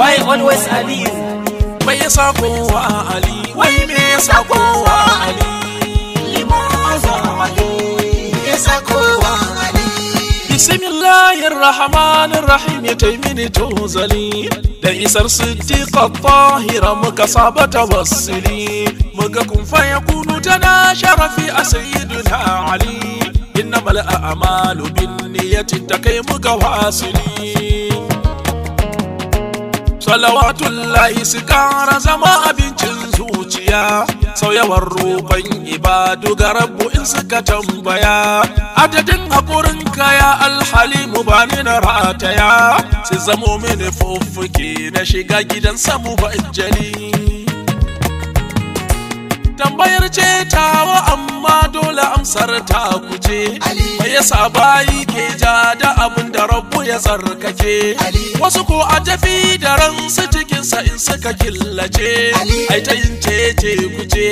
why always yasa ali wai me yasa kowa ali limaza ali yasa kowa ali bismillahir rahmanir rahim ya taimini tozali da isar siddiqa tahira muka saba tawassuli muga kun fa yakunu tana sharafi a sayyidina ali salawatullahi su kara zama abincin zuciya sauyawar ruban ibadu ga rabu in suka tambaya adadin haƙurin kaya alhalimu ba ni na rataya su zamo mini fufuki na shiga gidan samu ba jali tambayar ce tawa amma dole amsar ta kuce ya yasa bayi ke ja da abin da rabu ya tsarkake wasu ko a tafi da ransu cikinsa in suka killace ai ta yin cece kuce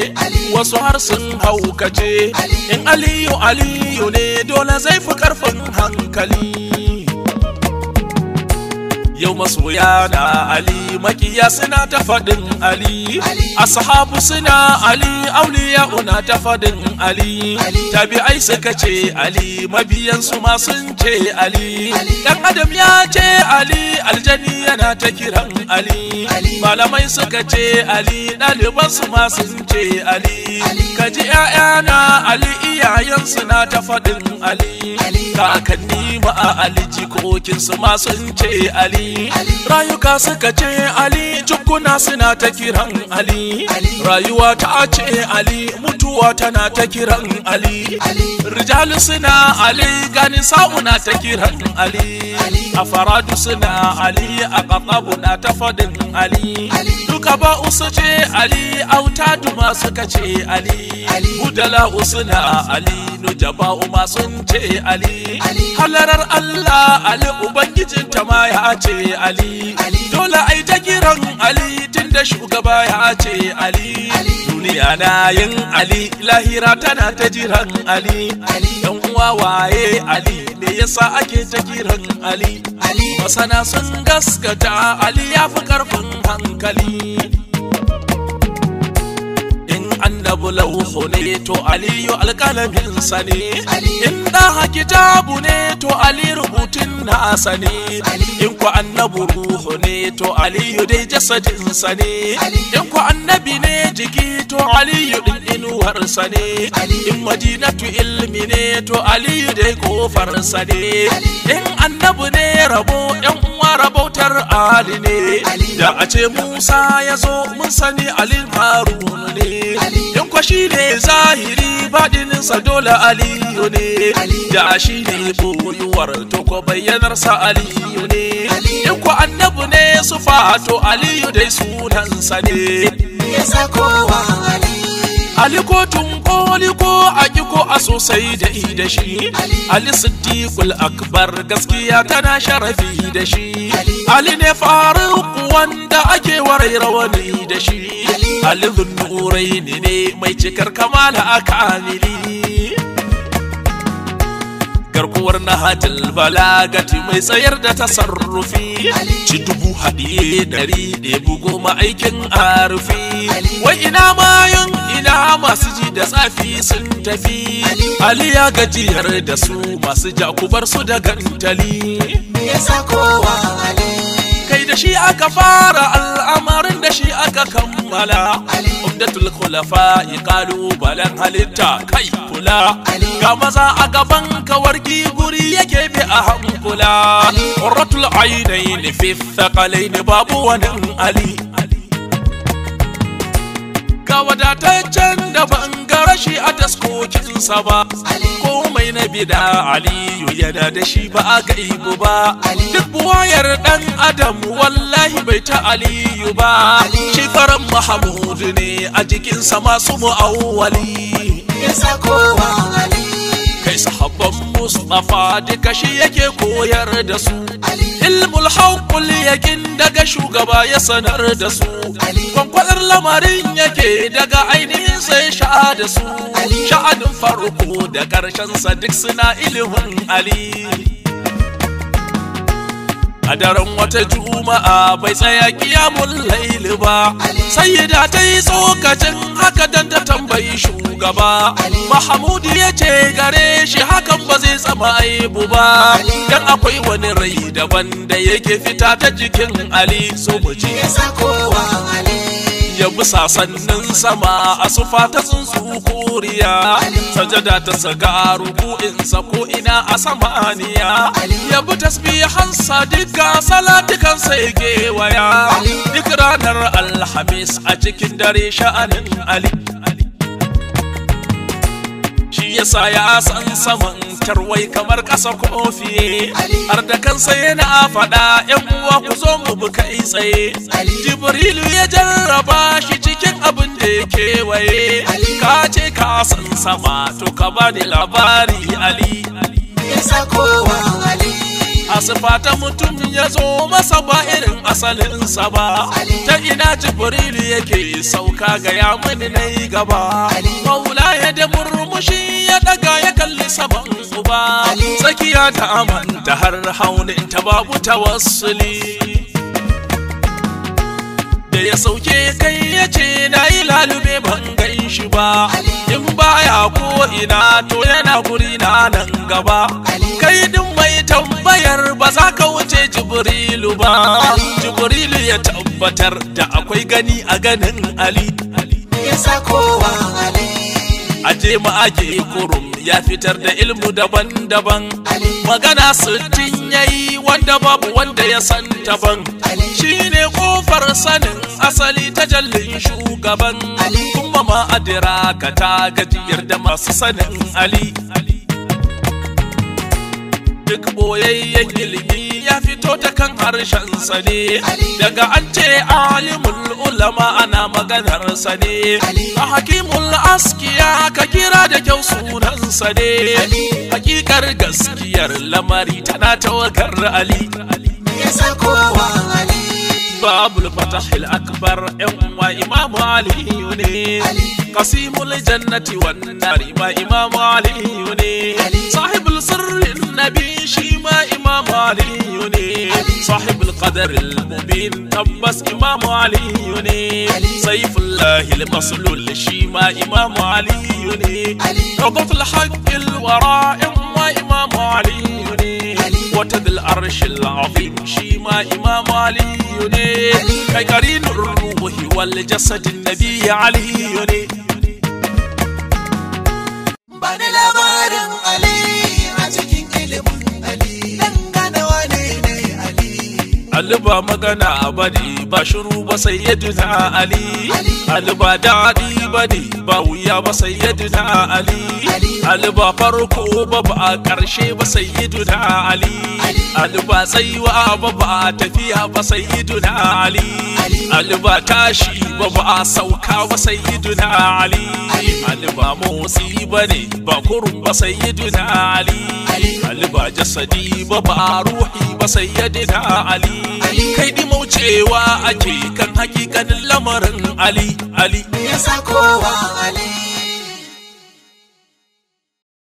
wasu har sun haukace in aliyu aliyu ne dole zai fi karfin hankali yau masoya na ali makiya suna ta faɗin ali ashabu suna ali auliya una ta faɗin ali tabi'ai suka ce ali su ma sun ce ali dan adam ya ce ali aljani yana ta kiran ali malamai suka ce ali su ma sun ce ali kaji 'ya'yana ali iyayensu na ta faɗin ali kakanni ma a ali jikokinsu ma sun ce ali rayuka suka ce ali jukuna suna ta kiran ali rayuwa ta ce ali mutuwa tana ta kiran ali rijalu suna ali gani sa'una ta kiran ali afaradu suna ali a na ta faɗin ali suka ba usu ce ali autadu duma suka ce ali mudala usuna ali jaba ma sun ce ali halarar allah ali ubangijinta ma ya ce ali dole ai ta kiran ali da shugaba ya ce ali duniya na yin ali lahira tana ta jiran ali yan uwa waye ali ya yasa ake ta kiran ali masana sun gaskata ali ya fi ƙarfin hankali annabu lauhu ne to aliyu alƙalamin sa ne in da kitabu ne to ali rubutun na ne in ku annabu ruhu ne to aliyu dai jasadin sa ne in ku annabi ne jiki to aliyu din inuwar sa ne in madinatu ilmi ne to aliyu dai kofar sa ne in annabu ne rabo yan uwa rabautar ali ne da a ce musa ya zo mun sani ali harun ne in kwa shi ne zahiri baɗininsa dole aliyu ne da shi ne boyuwar to ko bayyanarsa aliyu ne yankwa annabu ne sufa to aliyu dai sunansa ne ya kowa aliyu Ali kotun koli ko a ko a sosai da i da shi Ali Siddiqul Akbar gaskiya tana sharafi da shi Ali ne faruk wanda ake warai rawani da shi Ali zunnurai ne mai cikar kamala a kamili garkuwar na hajjal balagati mai tsayar da ta sarrufi. ci dubu haɗiye ɗari ɗebu goma aikin arufi wai ina mayun ina masu ji da tsafi sun tafi ali ya gajiyar da su masu jakubar su da gantali kai da shi aka fara al'amarin da shi aka kammala umdatul khulafa qalu balan halitta kai kula ga maza a gaban kawar guri yake bi a hankula qurratul ainain fi thaqalain babu wani ali ga wadataccen da ban shi a taskokinsa ba komai na bida aliyu yana da shi ba a ga gaibu ba duk wayar dan adam wallahi bai ta aliyu ba Shi shekara mahamud ne a jikinsa masu mu'awwali isa kowa ali kai sahabban mustafa duka shi yake koyar da su ilmul haqqul yakin daga shugaba ya sanar da su kwankwadar lamarin yake daga ainihin sai sha'a da su sha'anin farko da karshen sa duk suna ilimin ali a daren wata juma'a bai tsaya kiyamun laili ba sai da ta yi tsokacin haka dan ta tambayi shugaba mahamudu ya ce gare shi hakan ba zai tsama aibu ba dan akwai wani rai daban da yake fita ta jikin ali so mu ji kowa ali ya bisa sannin sama sufa ta tsuntsu koriya sajada ta saga rubu'insa ko ina a samaniya ya bi hansa duka salatukan sai gewaya duk ranar alhamis a cikin dare sha'anin ali yasa ya san saman tarwai kamar ƙasa kofi har da kansa yana faɗa yan uwa ku zo mu bi kai tsaye jibrilu ya jarraba shi cikin abin da ya kewaye ka ce ka san sama to ka bani labari ali yasa kowa masu fata mutum ya zo masa ba irin asalinsa ba ta ina jibrilu yake sauka ga ya mani na yi gaba maula ya da murmushi ya daga ya kalli saban uba tsakiya ta amanta har haunin ta babu tawassuli da ya sauke kai ya ce na yi lalube ban gan shi ba in baya ko ina to yana guri na nan gaba kai din mai tambayar ba za ka wuce jibrilu ba jibrilu ya tabbatar da akwai gani a ganin ali ya kowa ali je ma ake kurum ya fitar da ilmu daban-daban magana sittin yayi wanda babu wanda ya san taban shine kofar sanin asali ta jallin shugaban kuma ma dira ka ta gajiyar da masu sanin ali duk boyayyen ilimi ya fito ta kan harshen ne daga an ce alimul ulama kalar ne a hakimul askiya ka kira da kyau sunansa ne hakikar gaskiyar lamari tana tawakar ali babul fatahil akbar yan uwa imam ali ne qasimul jannati wan nar ma imam ali ne sahibul sirrin nabi shi ma imam ali ne sahibul القدر المبين تبس إمام علي سيف الله المسلول شيما إمام علي رضت الحق الوراء إما إمام علي وتد الأرش العظيم شيما إمام علي كي قرين الروح والجسد النبي علي Ali ba magana a ba shiru ba sayyidina Ali Ali ba daɗi ba ne ba wuya ba sayyidina Ali Ali ba farko ba ba ƙarshe ba sayyidina Ali Ali ba tsayuwa ba ba tafiya ba sayyidina Ali Ali ba tashi ba ba sauka ba sayyidina Ali Ali ba motsi ba ne ba kurun ba sayyidina Ali Ali ba jasadi ba ba ruhi ba sayyidina Ali kai di maucewa ake kan hakikanin lamarin ali ali ya wa ali